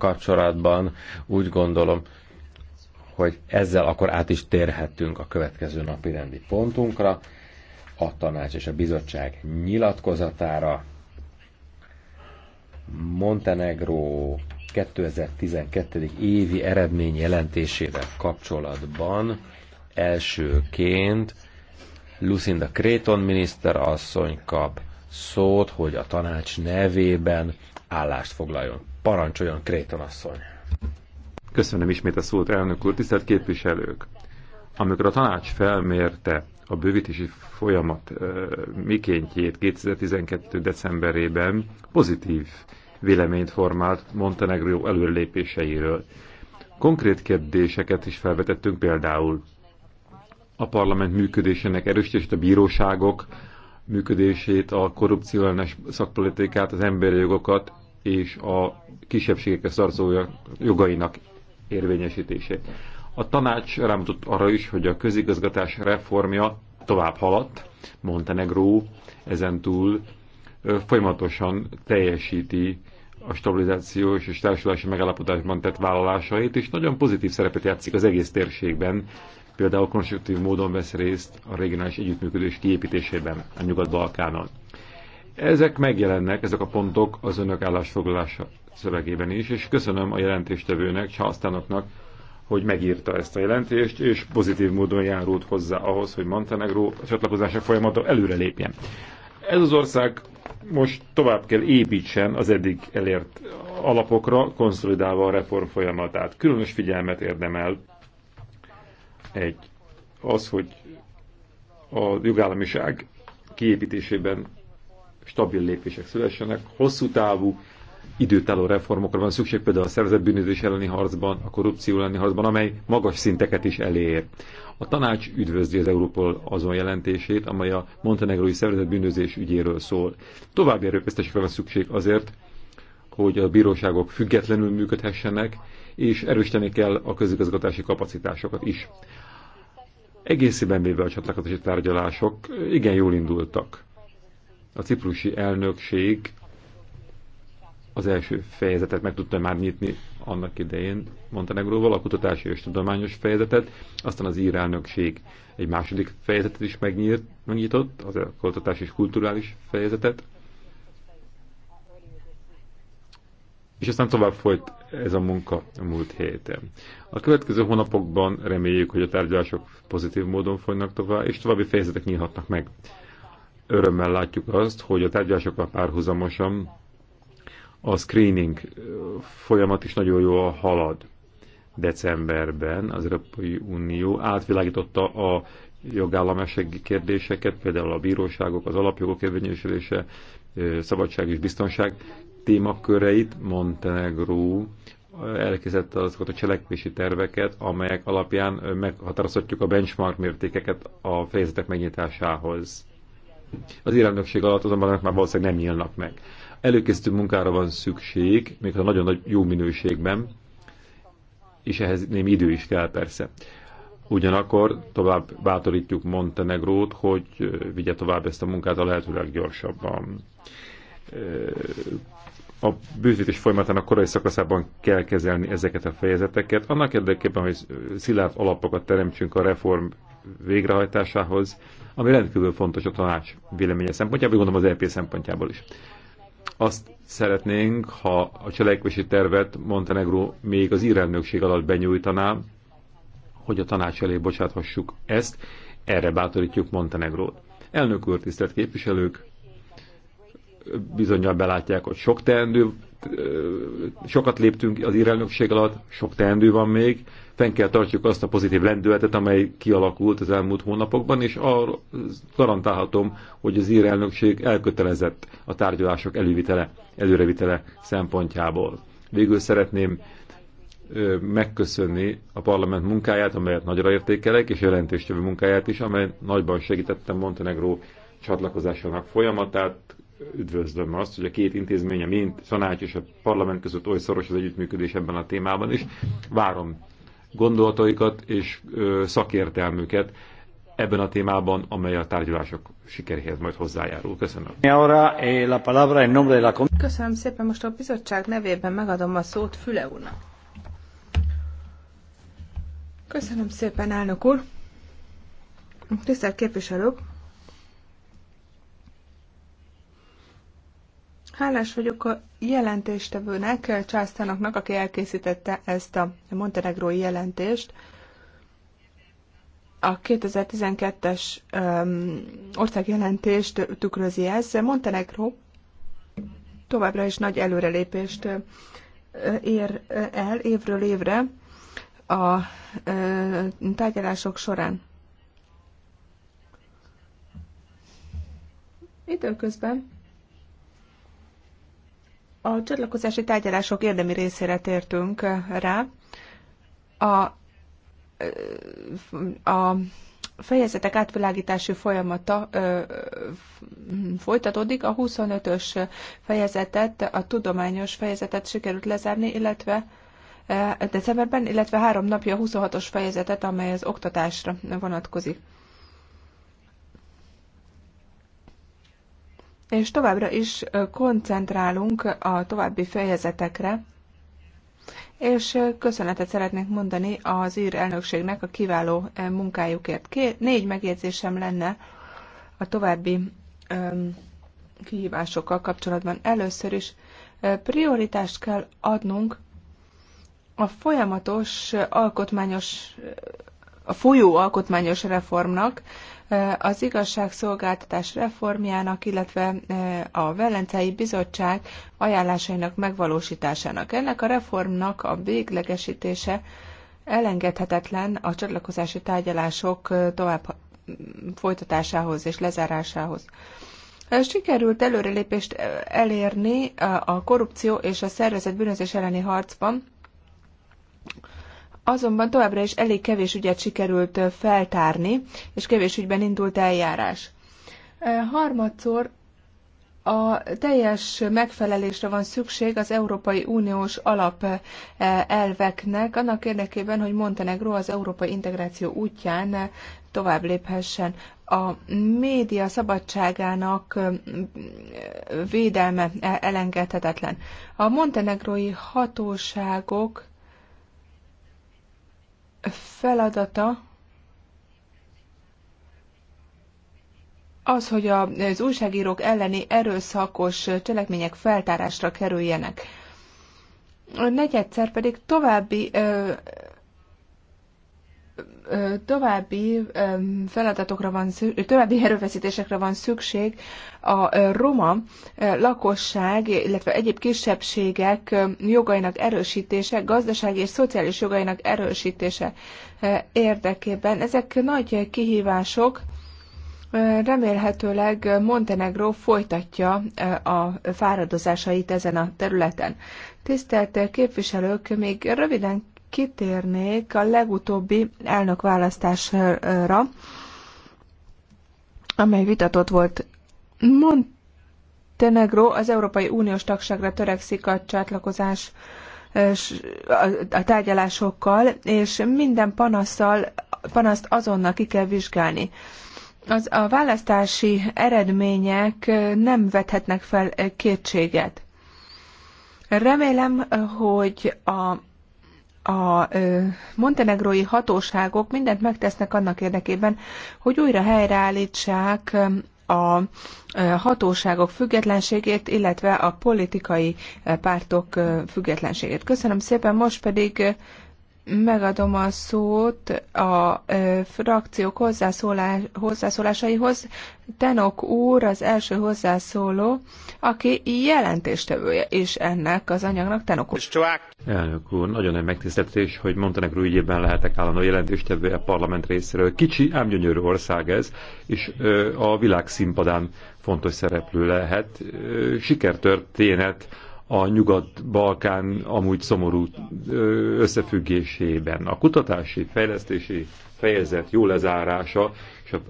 kapcsolatban úgy gondolom, hogy ezzel akkor át is térhettünk a következő napi rendi pontunkra, a tanács és a bizottság nyilatkozatára. Montenegró 2012. évi eredmény jelentésével kapcsolatban elsőként Lucinda Creighton asszony kap szót, hogy a tanács nevében állást foglaljon. Parancsoljon, Kréton asszony! Köszönöm ismét a szót, elnök úr, tisztelt képviselők! Amikor a tanács felmérte a bővítési folyamat uh, mikéntjét 2012. decemberében pozitív véleményt formált Montenegro előrelépéseiről. Konkrét kérdéseket is felvetettünk például a parlament működésének erősítését, a bíróságok működését, a korrupcióellenes szakpolitikát, az emberi jogokat és a kisebbségekhez tartozó jogainak érvényesítése. A tanács rámutott arra is, hogy a közigazgatás reformja tovább haladt, Montenegró ezentúl folyamatosan teljesíti a stabilizációs és társulási megállapodásban tett vállalásait, és nagyon pozitív szerepet játszik az egész térségben, például konstruktív módon vesz részt a regionális együttműködés kiépítésében a Nyugat-Balkánon. Ezek megjelennek, ezek a pontok az önök állásfoglalása szövegében is, és köszönöm a jelentéstevőnek, Császtánoknak, hogy megírta ezt a jelentést, és pozitív módon járult hozzá ahhoz, hogy a csatlakozása folyamata előrelépjen. Ez az ország most tovább kell építsen az eddig elért alapokra, konszolidálva a reform folyamatát. Különös figyelmet érdemel egy az, hogy a jogállamiság kiépítésében stabil lépések szülessenek, hosszú távú időtálló reformokra van szükség, például a szervezetbűnözés elleni harcban, a korrupció elleni harcban, amely magas szinteket is elér. A tanács üdvözli az Európol azon jelentését, amely a montenegrói szervezetbűnözés ügyéről szól. További erőfeszítésekre van szükség azért, hogy a bíróságok függetlenül működhessenek, és erősíteni kell a közigazgatási kapacitásokat is. Egészében véve a csatlakozási tárgyalások igen jól indultak a ciprusi elnökség az első fejezetet meg tudta már nyitni annak idején Montenegróval, a kutatási és tudományos fejezetet, aztán az ír elnökség egy második fejezetet is megnyírt, megnyitott, az a kutatási és kulturális fejezetet, és aztán tovább folyt ez a munka a múlt héten. A következő hónapokban reméljük, hogy a tárgyalások pozitív módon folynak tovább, és további fejezetek nyílhatnak meg örömmel látjuk azt, hogy a tárgyalásokkal párhuzamosan a screening folyamat is nagyon jól halad. Decemberben az Európai Unió átvilágította a jogállamisági kérdéseket, például a bíróságok, az alapjogok érvényesülése, szabadság és biztonság témaköreit Montenegró elkezdett azokat a cselekvési terveket, amelyek alapján meghatározhatjuk a benchmark mértékeket a fejezetek megnyitásához. Az iránynökség alatt azonban már valószínűleg nem nyílnak meg. Előkészítő munkára van szükség, még ha nagyon nagy jó minőségben, és ehhez némi idő is kell persze. Ugyanakkor tovább bátorítjuk Montenegrót, hogy vigye tovább ezt a munkát a lehetőleg gyorsabban. A bűzítés folyamatának korai szakaszában kell kezelni ezeket a fejezeteket, annak érdekében, hogy szilárd alapokat teremtsünk a reform végrehajtásához, ami rendkívül fontos a tanács véleménye szempontjából, gondolom az EP szempontjából is. Azt szeretnénk, ha a cselekvési tervet Montenegro még az írelnökség alatt benyújtaná, hogy a tanács elé bocsáthassuk ezt, erre bátorítjuk Montenegrót. Elnök úr, tisztelt képviselők, bizonyal belátják, hogy sok teendő, sokat léptünk az irányökség alatt, sok teendő van még, fenn kell tartjuk azt a pozitív lendületet, amely kialakult az elmúlt hónapokban, és arra garantálhatom, hogy az írelnökség elkötelezett a tárgyalások elővitele, előrevitele szempontjából. Végül szeretném megköszönni a parlament munkáját, amelyet nagyra értékelek, és jelentéstevő munkáját is, amely nagyban segítettem Montenegró csatlakozásának folyamatát, üdvözlöm azt, hogy a két intézmény, a tanács és a parlament között oly szoros az együttműködés ebben a témában, és várom gondolataikat és szakértelmüket ebben a témában, amely a tárgyalások sikeréhez majd hozzájárul. Köszönöm. Eh, Köszönöm szépen, most a bizottság nevében megadom a szót Füle úrnak. Köszönöm szépen, elnök úr. Tisztelt képviselők! Hálás vagyok a jelentéstevőnek, Császtánoknak, aki elkészítette ezt a Montenegrói jelentést. A 2012-es um, országjelentést tükrözi ez. Montenegró továbbra is nagy előrelépést ér el évről évre a tárgyalások során. Időközben a csatlakozási tárgyalások érdemi részére tértünk rá. A, a fejezetek átvilágítási folyamata ö, folytatódik. A 25-ös fejezetet, a tudományos fejezetet sikerült lezárni, illetve decemberben, illetve három napja a 26-os fejezetet, amely az oktatásra vonatkozik. és továbbra is koncentrálunk a további fejezetekre, és köszönetet szeretnék mondani az ír elnökségnek a kiváló munkájukért. Két, négy megjegyzésem lenne a további um, kihívásokkal kapcsolatban. Először is prioritást kell adnunk a folyamatos alkotmányos, a folyó alkotmányos reformnak, az igazságszolgáltatás reformjának, illetve e, a Velencei Bizottság ajánlásainak megvalósításának. Ennek a reformnak a véglegesítése elengedhetetlen a csatlakozási tárgyalások e, tovább folytatásához és lezárásához. E, sikerült előrelépést elérni a korrupció és a szervezetbűnözés bűnözés elleni harcban, Azonban továbbra is elég kevés ügyet sikerült feltárni, és kevés ügyben indult eljárás. Harmadszor a teljes megfelelésre van szükség az Európai Uniós alapelveknek, annak érdekében, hogy Montenegro az európai integráció útján tovább léphessen. A média szabadságának védelme e-, elengedhetetlen. A montenegrói hatóságok feladata az, hogy az újságírók elleni erőszakos cselekmények feltárásra kerüljenek. Negyedszer pedig további további feladatokra van szükség, további erőfeszítésekre van szükség a roma lakosság, illetve egyéb kisebbségek jogainak erősítése, gazdasági és szociális jogainak erősítése érdekében. Ezek nagy kihívások. Remélhetőleg Montenegro folytatja a fáradozásait ezen a területen. Tisztelt képviselők, még röviden kitérnék a legutóbbi elnökválasztásra, amely vitatott volt. Montenegro az Európai Uniós tagságra törekszik a csatlakozás a tárgyalásokkal, és minden panaszsal, panaszt azonnal ki kell vizsgálni. Az a választási eredmények nem vethetnek fel kétséget. Remélem, hogy a a montenegrói hatóságok mindent megtesznek annak érdekében, hogy újra helyreállítsák a hatóságok függetlenségét, illetve a politikai pártok függetlenségét. Köszönöm szépen, most pedig megadom a szót a frakciók hozzászólás, hozzászólásaihoz. Tenok úr az első hozzászóló, aki jelentéstevője is ennek az anyagnak. Tenok úr. Elnök úr, nagyon nagy megtiszteltetés, hogy Montenegro ügyében lehetek állandó jelentéstevője a parlament részéről. Kicsi, ám gyönyörű ország ez, és a világ színpadán fontos szereplő lehet. Sikertörténet a Nyugat-Balkán amúgy szomorú összefüggésében. A kutatási, fejlesztési fejezet jó lezárása és a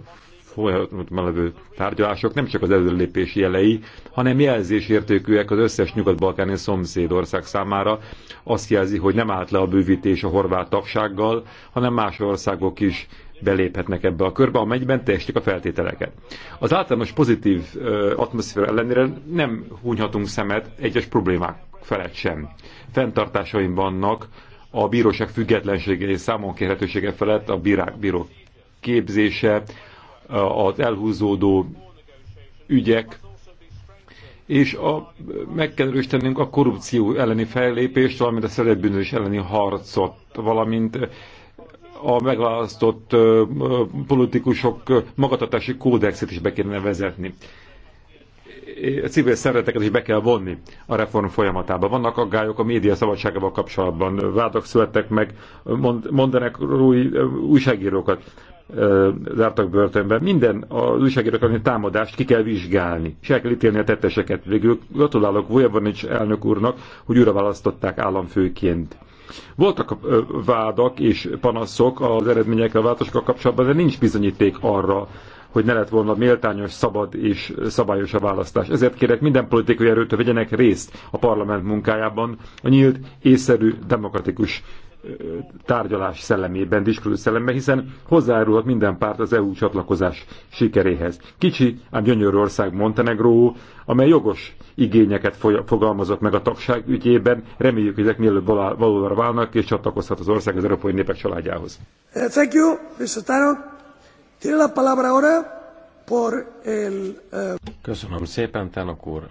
folyamatban levő tárgyalások nem csak az előlépés jelei, hanem jelzésértékűek az összes nyugat-balkáni szomszédország számára. Azt jelzi, hogy nem állt le a bővítés a horvát tagsággal, hanem más országok is beléphetnek ebbe a körbe, amelyben teljesítik a feltételeket. Az általános pozitív atmoszféra ellenére nem hunyhatunk szemet egyes problémák felett sem. Fentartásaim vannak a bíróság függetlensége és számon kérhetősége felett a bírák, bíró képzése, az elhúzódó ügyek, és a, meg kell erősítenünk a korrupció elleni fellépést, valamint a szerepbűnözés elleni harcot, valamint a megválasztott politikusok magatartási kódexet is be kéne vezetni. A civil szervezeteket is be kell vonni a reform folyamatába. Vannak aggályok a média szabadságával kapcsolatban. Vádak születtek meg, mondanak új, újságírókat zártak börtönbe. Minden az újságírók elleni támadást ki kell vizsgálni, és el kell ítélni a tetteseket. Végül gratulálok Vujabonics elnök úrnak, hogy újra választották államfőként voltak vádak és panaszok az eredményekkel változásokkal kapcsolatban, de nincs bizonyíték arra, hogy ne lett volna méltányos, szabad és szabályos a választás. Ezért kérek minden politikai erőtől vegyenek részt a parlament munkájában a nyílt, észszerű, demokratikus tárgyalás szellemében, diskurzus szellemben, hiszen hozzájárulhat minden párt az EU csatlakozás sikeréhez. Kicsi, ám gyönyörű ország Montenegró, amely jogos igényeket fogalmazott meg a tagság ügyében. Reméljük, hogy ezek mielőbb valóra válnak, és csatlakozhat az ország az európai népek családjához. Eh, thank you, Mr. Tano. Tiene la palabra ahora por el... Eh, Köszönöm szépen, Tanok úr.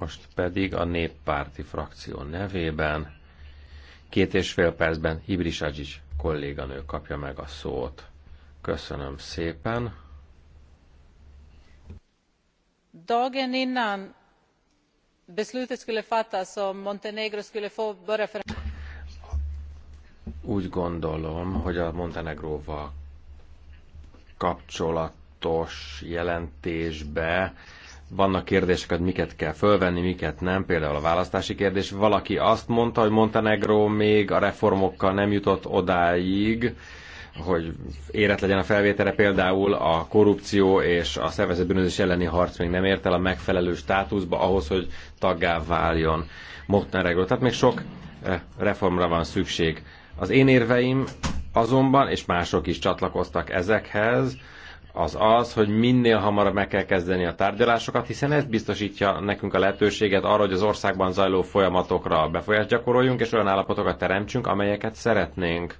Most pedig a néppárti frakció nevében Két és fél percben Ibris Adzsics kolléganő kapja meg a szót. Köszönöm szépen. Dagen innan beslutet skulle fattas om Montenegro skulle få börja för... Úgy gondolom, hogy a Montenegróval kapcsolatos jelentésbe vannak kérdések hogy miket kell fölvenni, miket nem, például a választási kérdés. Valaki azt mondta, hogy Montenegro még a reformokkal nem jutott odáig, hogy érett legyen a felvétele, például a korrupció és a szervezett bűnözés elleni harc még nem ért el a megfelelő státuszba ahhoz, hogy taggá váljon Montenegro. Tehát még sok eh, reformra van szükség. Az én érveim azonban, és mások is csatlakoztak ezekhez, az az, hogy minél hamarabb meg kell kezdeni a tárgyalásokat, hiszen ez biztosítja nekünk a lehetőséget arra, hogy az országban zajló folyamatokra befolyást gyakoroljunk, és olyan állapotokat teremtsünk, amelyeket szeretnénk.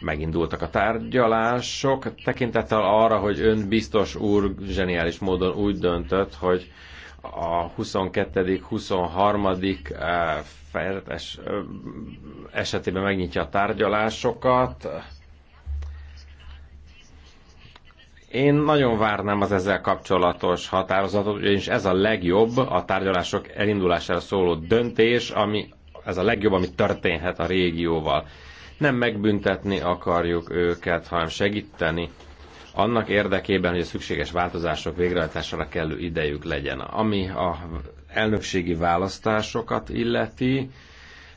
Megindultak a tárgyalások, tekintettel arra, hogy ön biztos úr zseniális módon úgy döntött, hogy a 22.-23. Eh, eh, esetében megnyitja a tárgyalásokat, Én nagyon várnám az ezzel kapcsolatos határozatot, ugyanis ez a legjobb a tárgyalások elindulására szóló döntés, ami ez a legjobb, ami történhet a régióval. Nem megbüntetni akarjuk őket, hanem segíteni annak érdekében, hogy a szükséges változások végrehajtására kellő idejük legyen. Ami a elnökségi választásokat illeti,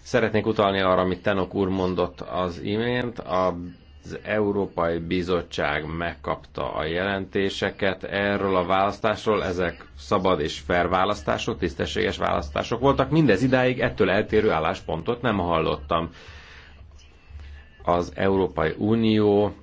szeretnék utalni arra, amit Tenok úr mondott az imént, a az Európai Bizottság megkapta a jelentéseket erről a választásról, ezek szabad és fair választások, tisztességes választások voltak. Mindez idáig ettől eltérő álláspontot nem hallottam. Az Európai Unió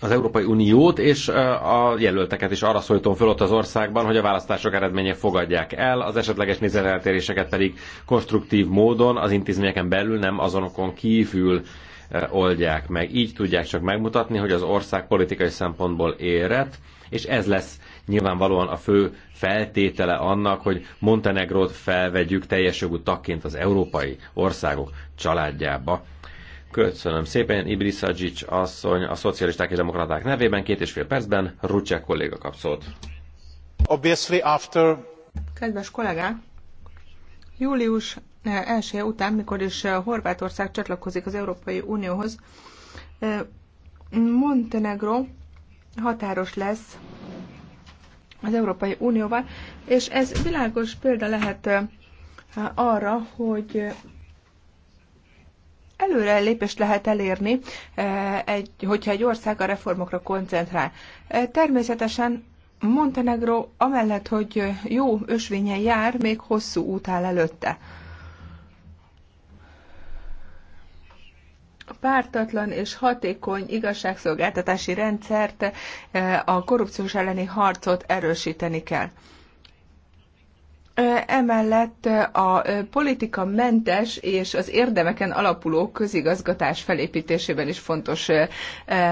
az Európai Uniót és a jelölteket is arra szólítom föl ott az országban, hogy a választások eredménye fogadják el, az esetleges nézeteltéréseket pedig konstruktív módon az intézményeken belül, nem azonokon kívül Eh, oldják meg. Így tudják csak megmutatni, hogy az ország politikai szempontból érett, és ez lesz nyilvánvalóan a fő feltétele annak, hogy Montenegrót felvegyük teljes jogú tagként az európai országok családjába. Köszönöm szépen, Ibrisadzsics asszony, a szocialisták és demokraták nevében két és fél percben Rucsek kolléga kap szót. Obviously after... Kedves kollégák, július elsője után, mikor is eh, Horvátország csatlakozik az Európai Unióhoz, eh, Montenegro határos lesz az Európai Unióval, és ez világos példa lehet eh, arra, hogy előre lépést lehet elérni, hogyha egy ország a reformokra koncentrál. Természetesen Montenegro amellett, hogy jó ösvényen jár, még hosszú út áll előtte. pártatlan és hatékony igazságszolgáltatási rendszert, eh, a korrupciós elleni harcot erősíteni kell. Emellett eh, a eh, politika mentes és az érdemeken alapuló közigazgatás felépítésében is fontos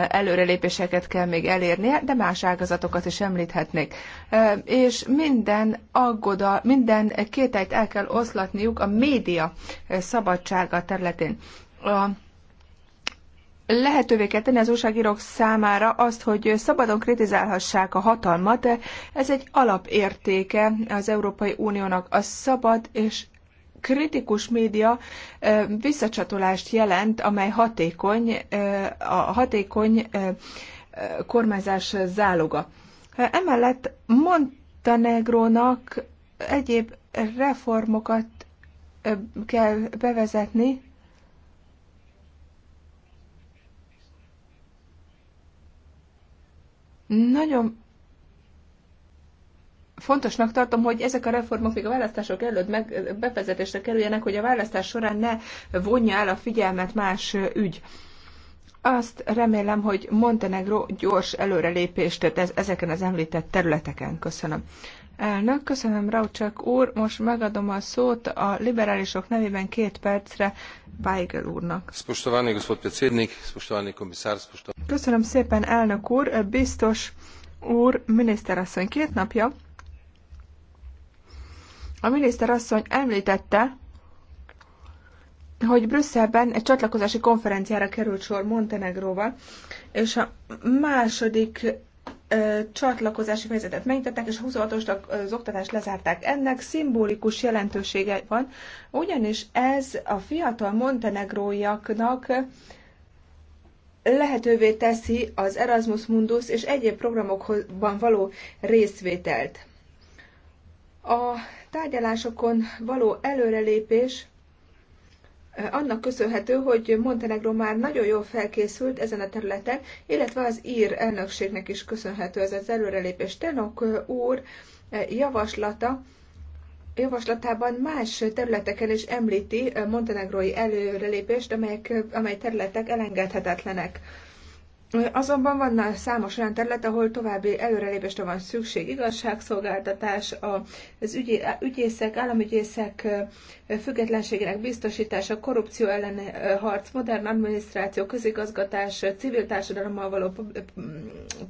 előrelépéseket kell még elérnie, de más ágazatokat is említhetnék. És minden aggoda, minden kételyt el kell oszlatniuk a média szabadsága területén. A lehetővé kell tenni az újságírók számára azt, hogy szabadon kritizálhassák a hatalmat, de ez egy alapértéke az Európai Uniónak. A szabad és kritikus média visszacsatolást jelent, amely hatékony, a hatékony kormányzás záloga. Emellett Montenegrónak egyéb reformokat kell bevezetni, Nagyon fontosnak tartom, hogy ezek a reformok még a választások előtt meg, bevezetésre kerüljenek, hogy a választás során ne vonja el a figyelmet más ügy. Azt remélem, hogy Montenegro gyors előrelépést tett ezeken az említett területeken. Köszönöm. Elnök, köszönöm Raucsak úr, most megadom a szót a liberálisok nevében két percre Weigel úrnak. Köszönöm szépen, elnök úr, biztos úr, miniszterasszony két napja. A miniszterasszony említette, hogy Brüsszelben egy csatlakozási konferenciára került sor Montenegróval, és a második csatlakozási fejezetet megnyitották, és a 26-ost az oktatást lezárták. Ennek szimbolikus jelentősége van, ugyanis ez a fiatal montenegróiaknak lehetővé teszi az Erasmus Mundus és egyéb programokban való részvételt. A tárgyalásokon való előrelépés annak köszönhető, hogy Montenegro már nagyon jól felkészült ezen a területen, illetve az ír elnökségnek is köszönhető ez az előrelépés. Tenok úr javaslata, javaslatában más területeken is említi montenegrói előrelépést, amelyek, amely területek elengedhetetlenek Azonban van számos olyan terület, ahol további előrelépésre van szükség. Igazságszolgáltatás, az ügyé, ügyészek, államügyészek függetlenségének biztosítása, korrupció ellen harc, modern adminisztráció, közigazgatás, civil társadalommal való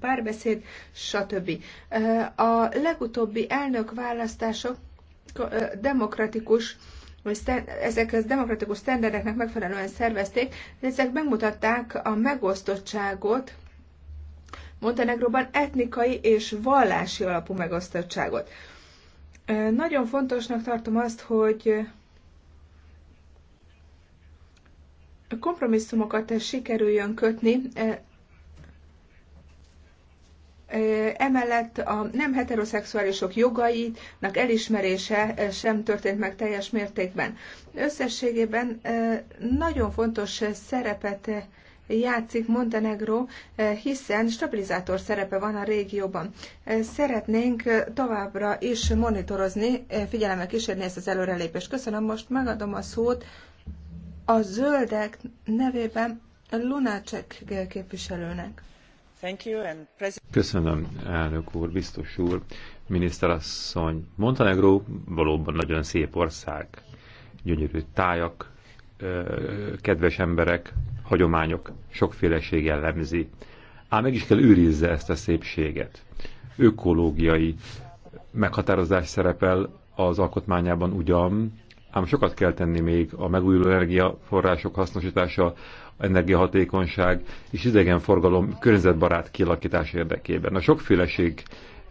párbeszéd, stb. A legutóbbi elnök választások demokratikus hogy ezek az demokratikus sztenderdeknek megfelelően szervezték, de ezek megmutatták a megosztottságot, Montenegróban etnikai és vallási alapú megosztottságot. Nagyon fontosnak tartom azt, hogy kompromisszumokat sikerüljön kötni Emellett a nem heteroszexuálisok jogainak elismerése sem történt meg teljes mértékben. Összességében nagyon fontos szerepet játszik Montenegro, hiszen stabilizátor szerepe van a régióban. Szeretnénk továbbra is monitorozni, figyelemmel kísérni ezt az előrelépést. Köszönöm, most megadom a szót a zöldek nevében Lunácsek képviselőnek. Köszönöm, elnök úr, biztos úr, miniszterasszony. Montenegro valóban nagyon szép ország. Gyönyörű tájak, kedves emberek, hagyományok, sokféleség jellemzi. Ám meg is kell őrizze ezt a szépséget. Ökológiai meghatározás szerepel az alkotmányában ugyan, ám sokat kell tenni még a megújuló energiaforrások hasznosítása, energiahatékonyság és idegenforgalom környezetbarát kialakítás érdekében. A sokféleség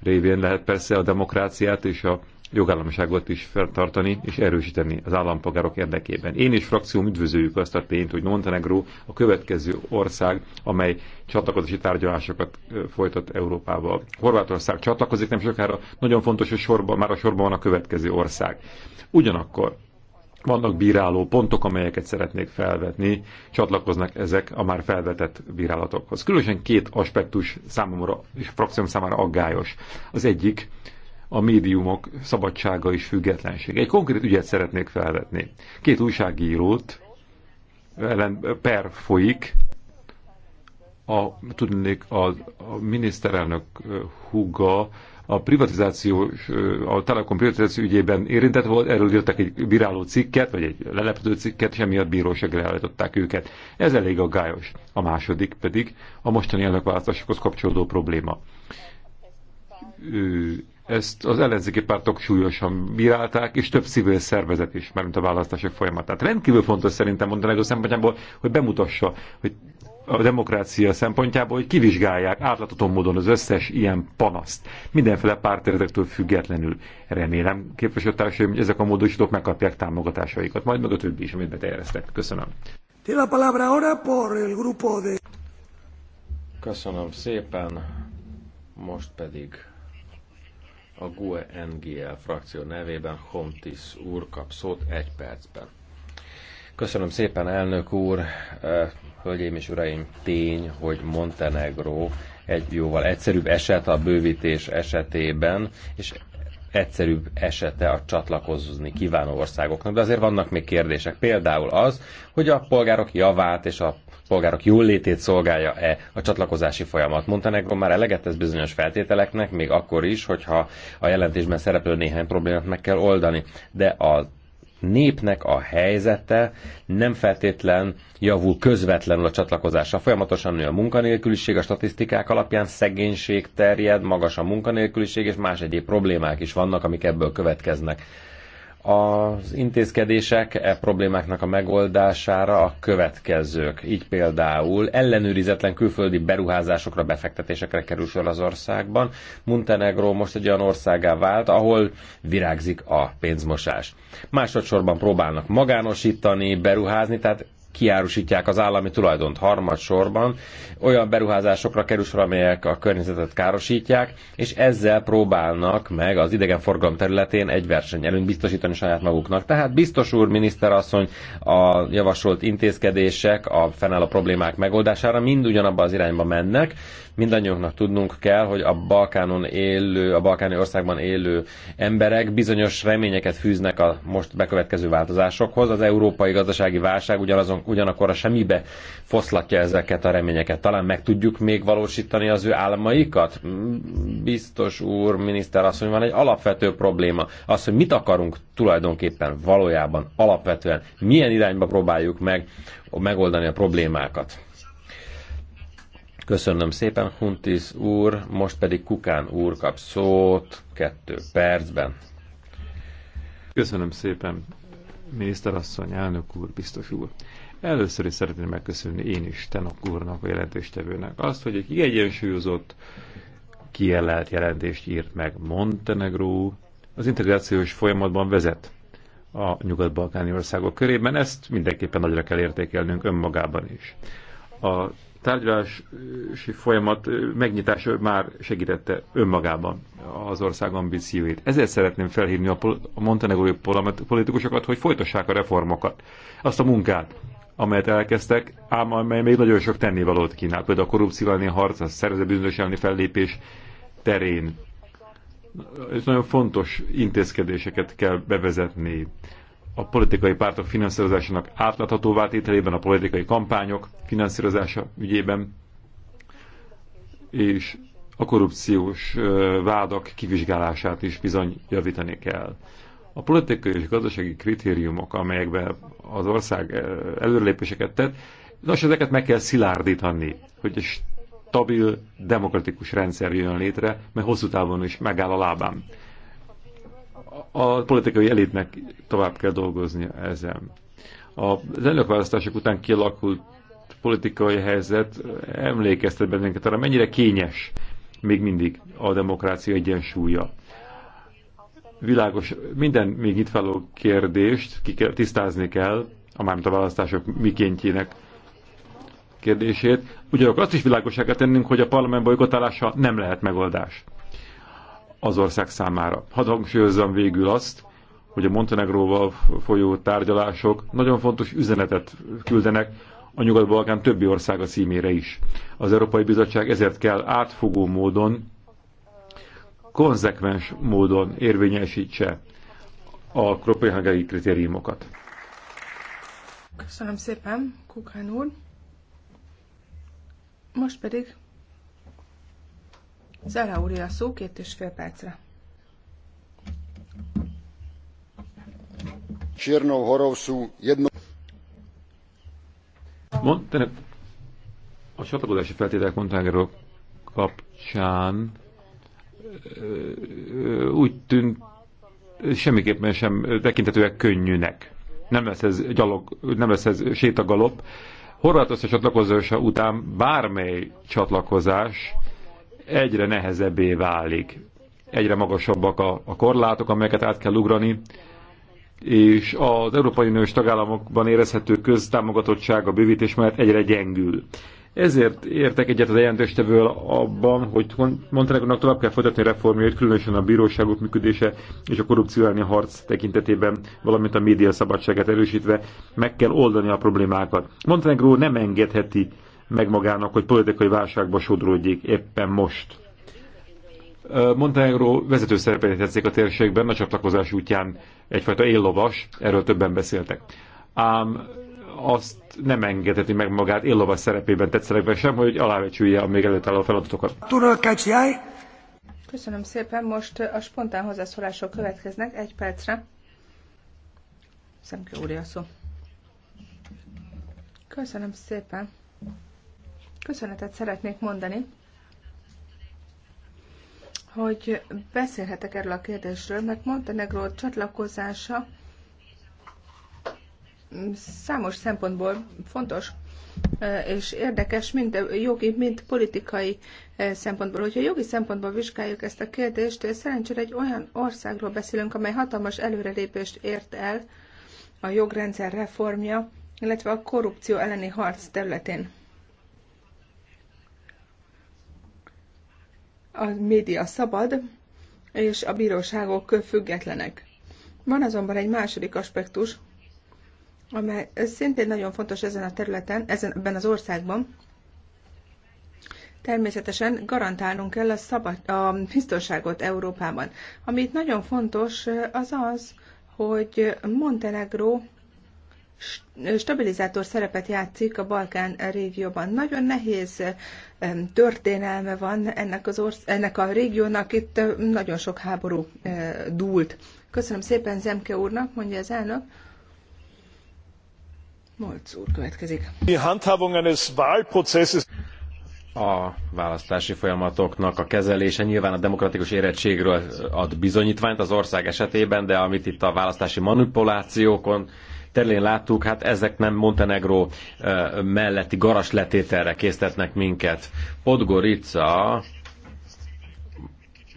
révén lehet persze a demokráciát és a jogállamiságot is feltartani és erősíteni az állampolgárok érdekében. Én és frakcióm üdvözöljük azt a tényt, hogy Montenegro a következő ország, amely csatlakozási tárgyalásokat folytat Európával. Horvátország csatlakozik nem sokára, nagyon fontos, hogy sorba, már a sorban van a következő ország. Ugyanakkor vannak bíráló pontok, amelyeket szeretnék felvetni, csatlakoznak ezek a már felvetett bírálatokhoz. Különösen két aspektus számomra és frakcióm számára aggályos. Az egyik a médiumok szabadsága és függetlensége. Egy konkrét ügyet szeretnék felvetni. Két újságírót ellen per folyik, a, tudnék, a, a miniszterelnök húga eh, a privatizáció, a Telekom privatizáció ügyében érintett volt, erről írtak egy bíráló cikket, vagy egy lelepedő cikket, és emiatt bíróságra állították őket. Ez elég aggályos. A második pedig a mostani elnökválasztásokhoz kapcsolódó probléma. Ezt az ellenzéki pártok súlyosan bírálták, és több civil szervezet is, mármint a választások folyamatát. Rendkívül fontos szerintem mondani a szempontjából, hogy bemutassa, hogy a demokrácia szempontjából, hogy kivizsgálják átlatotó módon az összes ilyen panaszt. Mindenféle pártérdektől függetlenül. Remélem, képviselőtársaim, hogy ezek a módosítók megkapják támogatásaikat. Majd meg a többi is, amit beterjesztek. Köszönöm. la palabra ahora por el grupo de... Köszönöm szépen. Most pedig a GUE NGL frakció nevében Hontis úr kap szót egy percben. Köszönöm szépen, elnök úr. Hölgyeim és uraim, tény, hogy Montenegro egy jóval egyszerűbb eset a bővítés esetében, és egyszerűbb esete a csatlakozni kívánó országoknak, de azért vannak még kérdések. Például az, hogy a polgárok javát és a polgárok jólétét szolgálja-e a csatlakozási folyamat. Montenegro már eleget tesz bizonyos feltételeknek, még akkor is, hogyha a jelentésben szereplő néhány problémát meg kell oldani, de az népnek a helyzete nem feltétlen javul közvetlenül a csatlakozásra. Folyamatosan nő a munkanélküliség, a statisztikák alapján szegénység terjed, magas a munkanélküliség, és más egyéb problémák is vannak, amik ebből következnek. Az intézkedések e problémáknak a megoldására a következők. Így például ellenőrizetlen külföldi beruházásokra, befektetésekre kerül sor az országban. Montenegro most egy olyan országá vált, ahol virágzik a pénzmosás. Másodszorban próbálnak magánosítani, beruházni, tehát kiárusítják az állami tulajdont harmadsorban, olyan beruházásokra kerül sor, amelyek a környezetet károsítják, és ezzel próbálnak meg az idegenforgalom területén egy verseny előn biztosítani saját maguknak. Tehát biztos úr, miniszterasszony, a javasolt intézkedések a fennálló problémák megoldására mind ugyanabba az irányba mennek, mindannyiunknak tudnunk kell, hogy a Balkánon élő, a balkáni országban élő emberek bizonyos reményeket fűznek a most bekövetkező változásokhoz. Az európai gazdasági válság ugyanazon ugyanakkor a semmibe foszlatja ezeket a reményeket. Talán meg tudjuk még valósítani az ő álmaikat? Biztos úr, miniszter asszony, van egy alapvető probléma. Az, hogy mit akarunk tulajdonképpen valójában, alapvetően, milyen irányba próbáljuk meg megoldani a problémákat. Köszönöm szépen, Huntis úr, most pedig Kukán úr kap szót kettő percben. Köszönöm szépen, miniszterasszony, elnök úr, biztos úr. Először is szeretném megköszönni én is Tenok úrnak, a jelentéstevőnek azt, hogy egy kiegyensúlyozott, kielelt jelentést írt meg Montenegró, az integrációs folyamatban vezet a nyugat-balkáni országok körében, ezt mindenképpen nagyra kell értékelnünk önmagában is. A tárgyalási folyamat megnyitása már segítette önmagában az ország ambícióit. Ezért szeretném felhívni a montenegrói politikusokat, hogy folytassák a reformokat, azt a munkát, amelyet elkezdtek, ám amely még nagyon sok tennivalót kínál, például a korrupció elleni harc, a szervezett elleni fellépés terén. Ez nagyon fontos intézkedéseket kell bevezetni. A politikai pártok finanszírozásának átláthatóvá tételében, a politikai kampányok finanszírozása ügyében, és a korrupciós vádak kivizsgálását is bizony javítani kell. A politikai és gazdasági kritériumok, amelyekben az ország eh, előrelépéseket tett, nos, ezeket meg kell szilárdítani, hogy egy stabil, demokratikus rendszer jön létre, mert hosszú távon is megáll a lábán. A politikai elitnek tovább kell dolgoznia ezen. Az elnökválasztások után kialakult politikai helyzet emlékeztet bennünket arra, mennyire kényes még mindig a demokrácia egyensúlya világos, minden még itt feló kérdést ki kell, tisztázni kell, mármint a választások mikéntjének kérdését. Ugyanakkor azt is világosá kell tennünk, hogy a parlament bolygotálása nem lehet megoldás az ország számára. Hadd hangsúlyozzam végül azt, hogy a Montenegróval folyó tárgyalások nagyon fontos üzenetet küldenek a Nyugat-Balkán többi országa címére is. Az Európai Bizottság ezért kell átfogó módon konzekvens módon érvényesítse a kopenhágai kritériumokat. Köszönöm szépen, Kukán úr. Most pedig Zara úr a szó két és fél percre. Csirnov Horovszú, jedno... Mondd, a csatlakozási feltételek Montenegro kapcsán úgy tűnt, semmiképpen sem tekintetőek könnyűnek. Nem lesz ez, gyalog, nem lesz ez sétagalop. Horvátország csatlakozása után bármely csatlakozás egyre nehezebbé válik. Egyre magasabbak a, a korlátok, amelyeket át kell ugrani, és az Európai Uniós tagállamokban érezhető köztámogatottság a bővítés mellett egyre gyengül. Ezért értek egyet az jelentőstevől abban, hogy Montenegrónak tovább kell folytatni a reformjait, különösen a bíróságok működése és a korrupció elleni harc tekintetében, valamint a média szabadságát erősítve meg kell oldani a problémákat. Montenegró nem engedheti meg magának, hogy politikai válságba sodródjék éppen most. Montenegro vezető szerepet a térségben, a csatlakozás útján egyfajta éllovas, erről többen beszéltek. Ám azt nem engedheti meg magát Illova szerepében tetszelegve sem, hogy alávecsülje a még előtt álló feladatokat. Köszönöm szépen, most a spontán hozzászólások következnek egy percre. Szemke úr, szó. Köszönöm szépen. Köszönetet szeretnék mondani, hogy beszélhetek erről a kérdésről, mert Montenegro csatlakozása számos szempontból fontos e, és érdekes, mind jogi, mind politikai e, szempontból. Hogyha jogi szempontból vizsgáljuk ezt a kérdést, e, szerencsére egy olyan országról beszélünk, amely hatalmas előrelépést ért el a jogrendszer reformja, illetve a korrupció elleni harc területén. A média szabad, és a bíróságok függetlenek. Van azonban egy második aspektus, amely szintén nagyon fontos ezen a területen, ezen, ebben az országban. Természetesen garantálnunk kell a, szabad, a biztonságot Európában. Amit nagyon fontos, az az, hogy Montenegro stabilizátor szerepet játszik a Balkán régióban. Nagyon nehéz történelme van ennek, az orsz- ennek a régiónak, itt nagyon sok háború dúlt. Köszönöm szépen Zemke úrnak, mondja az elnök. A választási folyamatoknak a kezelése nyilván a demokratikus érettségről ad bizonyítványt az ország esetében, de amit itt a választási manipulációkon terén láttuk, hát ezek nem Montenegró eh, melletti garas letételre késztetnek minket. Podgorica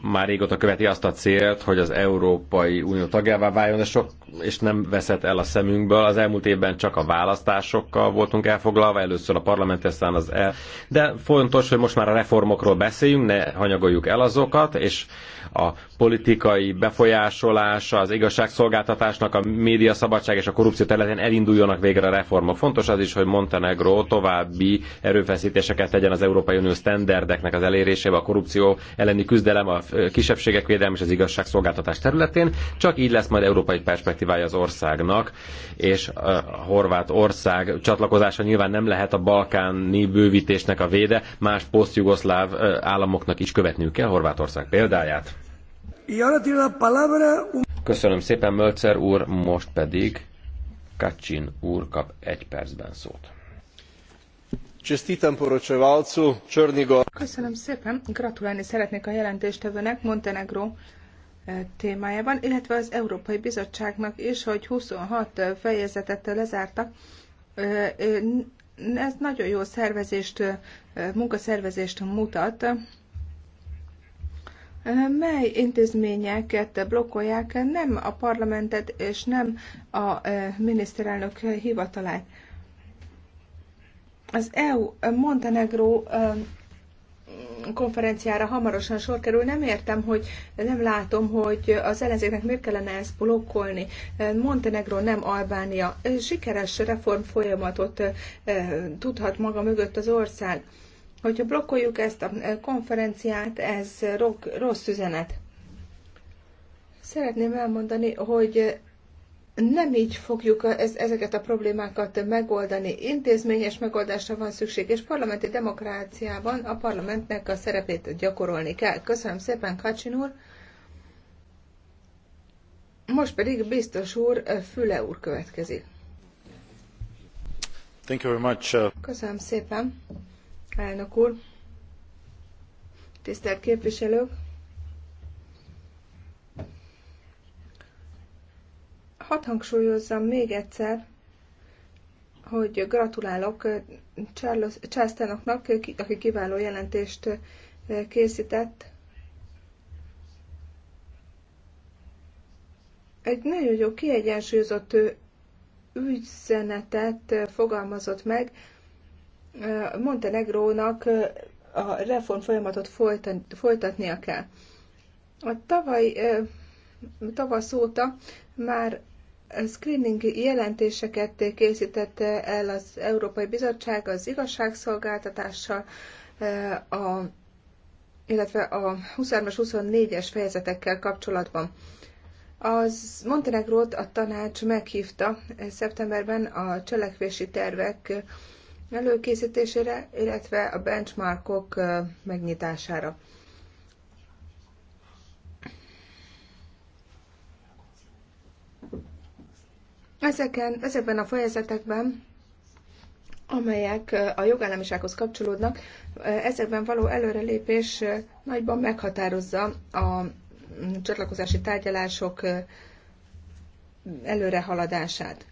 már régóta követi azt a célt, hogy az Európai Unió tagjává váljon, és, sok, és nem veszett el a szemünkből. Az elmúlt évben csak a választásokkal voltunk elfoglalva, először a parlament, aztán az el. De fontos, hogy most már a reformokról beszéljünk, ne hanyagoljuk el azokat, és a politikai befolyásolása, az igazságszolgáltatásnak, a média szabadság és a korrupció területén elinduljanak végre a reformok. Fontos az is, hogy Montenegro további erőfeszítéseket tegyen az Európai Unió sztenderdeknek az elérésébe, a korrupció elleni küzdelem, a kisebbségek védelme és az igazságszolgáltatás területén. Csak így lesz majd európai perspektívája az országnak, és a horvát ország csatlakozása nyilván nem lehet a balkáni bővítésnek a véde, más posztjugoszláv államoknak is követniük kell Horvátország példáját. Köszönöm szépen, Mölcer úr, most pedig Kacsin úr kap egy percben szót. Čestitam poročevalcu Črnigor. Köszönöm szépen, gratulálni szeretnék a jelentéstevőnek Montenegro eh, témájában, illetve az Európai Bizottságnak is, hogy 26 eh, fejezetet lezártak. Eh, ez nagyon jó szervezést, munkaszervezést mutat. Mely intézményeket blokkolják, nem a parlamentet és nem a miniszterelnök hivatalát. Az EU Montenegro konferenciára hamarosan sor kerül. Nem értem, hogy nem látom, hogy az ellenzéknek miért kellene ezt blokkolni. Montenegro nem Albánia. Sikeres reform folyamatot tudhat maga mögött az ország. Hogyha blokkoljuk ezt a konferenciát, ez rossz üzenet. Szeretném elmondani, hogy nem így fogjuk ezeket a problémákat megoldani. Intézményes megoldásra van szükség, és parlamenti demokráciában a parlamentnek a szerepét gyakorolni kell. Köszönöm szépen, Kacsin úr! Most pedig biztos úr, eh, Füle úr következik. Thank you very much. Uh, Köszönöm szépen, elnök úr! Tisztelt képviselők! hadd hangsúlyozzam még egyszer, hogy gratulálok eh, Charles, Charles Tenoknak, eh, aki kiváló jelentést eh, készített. Egy nagyon jó kiegyensúlyozott üzenetet fogalmazott meg Montenegrónak a reform folyamatot folytatnia kell. A tavaly tavasz óta már screening jelentéseket készítette el az Európai Bizottság az igazságszolgáltatással, eh, a, illetve a 23-as, 24-es fejezetekkel kapcsolatban. Az Montenegrót a tanács meghívta szeptemberben a cselekvési tervek előkészítésére, illetve a benchmarkok eh, megnyitására. Ezeken, ezekben a fejezetekben, amelyek eh, a jogállamisághoz kapcsolódnak, eh, ezekben való előrelépés eh, nagyban meghatározza a mm, csatlakozási tárgyalások előrehaladását.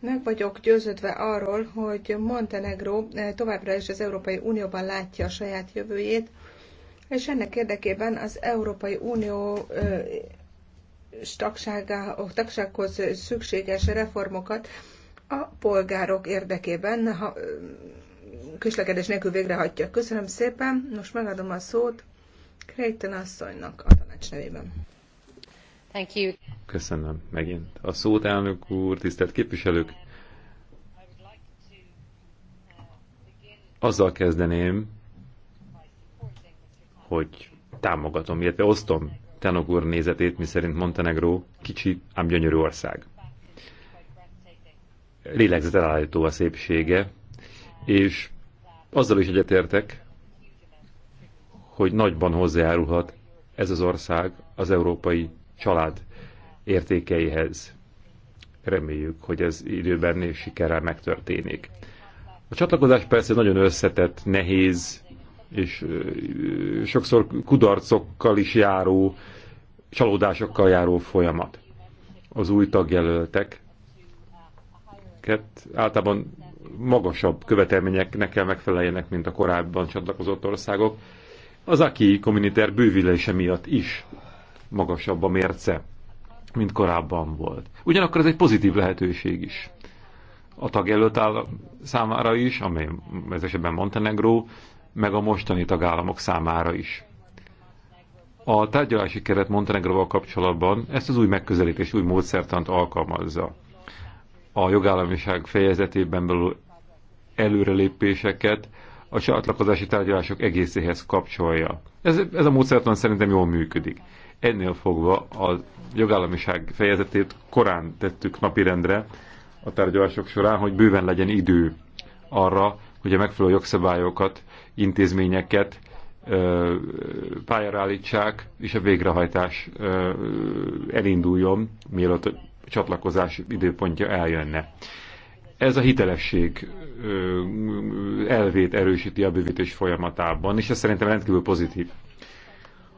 Meg vagyok győződve arról, hogy Montenegro továbbra is az Európai Unióban látja a saját jövőjét, és ennek érdekében az Európai Unió tagsághoz szükséges reformokat a polgárok érdekében ha, közlekedés nélkül végrehajtja. Köszönöm szépen, most megadom a szót Creighton asszonynak a tanács nevében. Thank you. Köszönöm megint a szót, elnök úr, tisztelt képviselők! Azzal kezdeném, hogy támogatom, illetve osztom Tanok úr nézetét, mi szerint Montenegró kicsi, ám gyönyörű ország. Lélegzetelállító a szépsége, és azzal is egyetértek, hogy nagyban hozzájárulhat ez az ország az európai család értékeihez. Reméljük, hogy ez időben és sikerrel megtörténik. A csatlakozás persze nagyon összetett, nehéz, és sokszor kudarcokkal is járó, csalódásokkal járó folyamat. Az új tagjelöltek általában magasabb követelményeknek kell megfeleljenek, mint a korábban csatlakozott országok. Az AKI kommuniter bővülése miatt is magasabb a mérce, mint korábban volt. Ugyanakkor ez egy pozitív lehetőség is a tagjelölt áll számára is, amely ez esetben Montenegró, meg a mostani tagállamok számára is. A tárgyalási keret Montenegroval kapcsolatban ezt az új megközelítés új módszertant alkalmazza. A jogállamiság fejezetében belül előrelépéseket a csatlakozási tárgyalások egészéhez kapcsolja. Ez, ez a módszertan szerintem jól működik. Ennél fogva a jogállamiság fejezetét korán tettük napirendre a tárgyalások során, hogy bőven legyen idő arra, hogy a megfelelő jogszabályokat, intézményeket pályára állítsák, és a végrehajtás elinduljon, mielőtt a csatlakozás időpontja eljönne. Ez a hitelesség elvét erősíti a bővítés folyamatában, és ez szerintem rendkívül pozitív.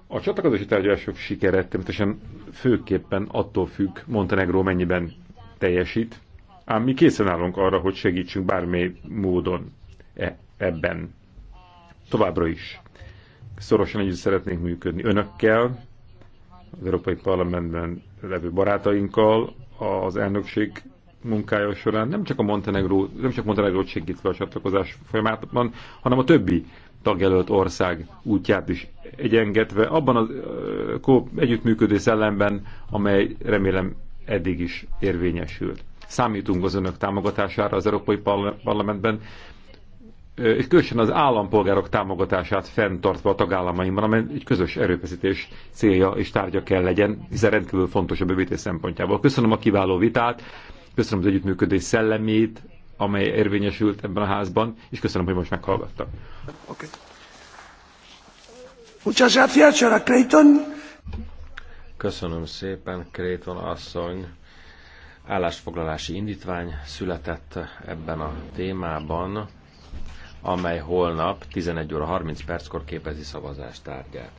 A csatlakozási tárgyalások sikere természetesen főképpen attól függ, Montenegró mennyiben teljesít, ám mi készen állunk arra, hogy segítsünk bármely módon E, ebben. Továbbra is szorosan együtt szeretnénk működni önökkel, az Európai Parlamentben levő barátainkkal, az elnökség munkája során nem csak a Montenegró, nem csak Montenegrót segítve a csatlakozás folyamatban, hanem a többi tagjelölt ország útját is egyengetve, abban az együttműködés szellemben, amely remélem eddig is érvényesült. Számítunk az önök támogatására az Európai Parlamentben, és különösen az állampolgárok támogatását fenntartva a tagállamaimban, amely egy közös erőfeszítés célja és tárgya kell legyen, hiszen rendkívül fontos a bővítés szempontjából. Köszönöm a kiváló vitát, köszönöm az együttműködés szellemét, amely érvényesült ebben a házban, és köszönöm, hogy most meghallgattak. Okay. Köszönöm szépen, Kréton asszony. Állásfoglalási indítvány született ebben a témában amely holnap 11 óra 30 perckor képezi szavazást tárgyát.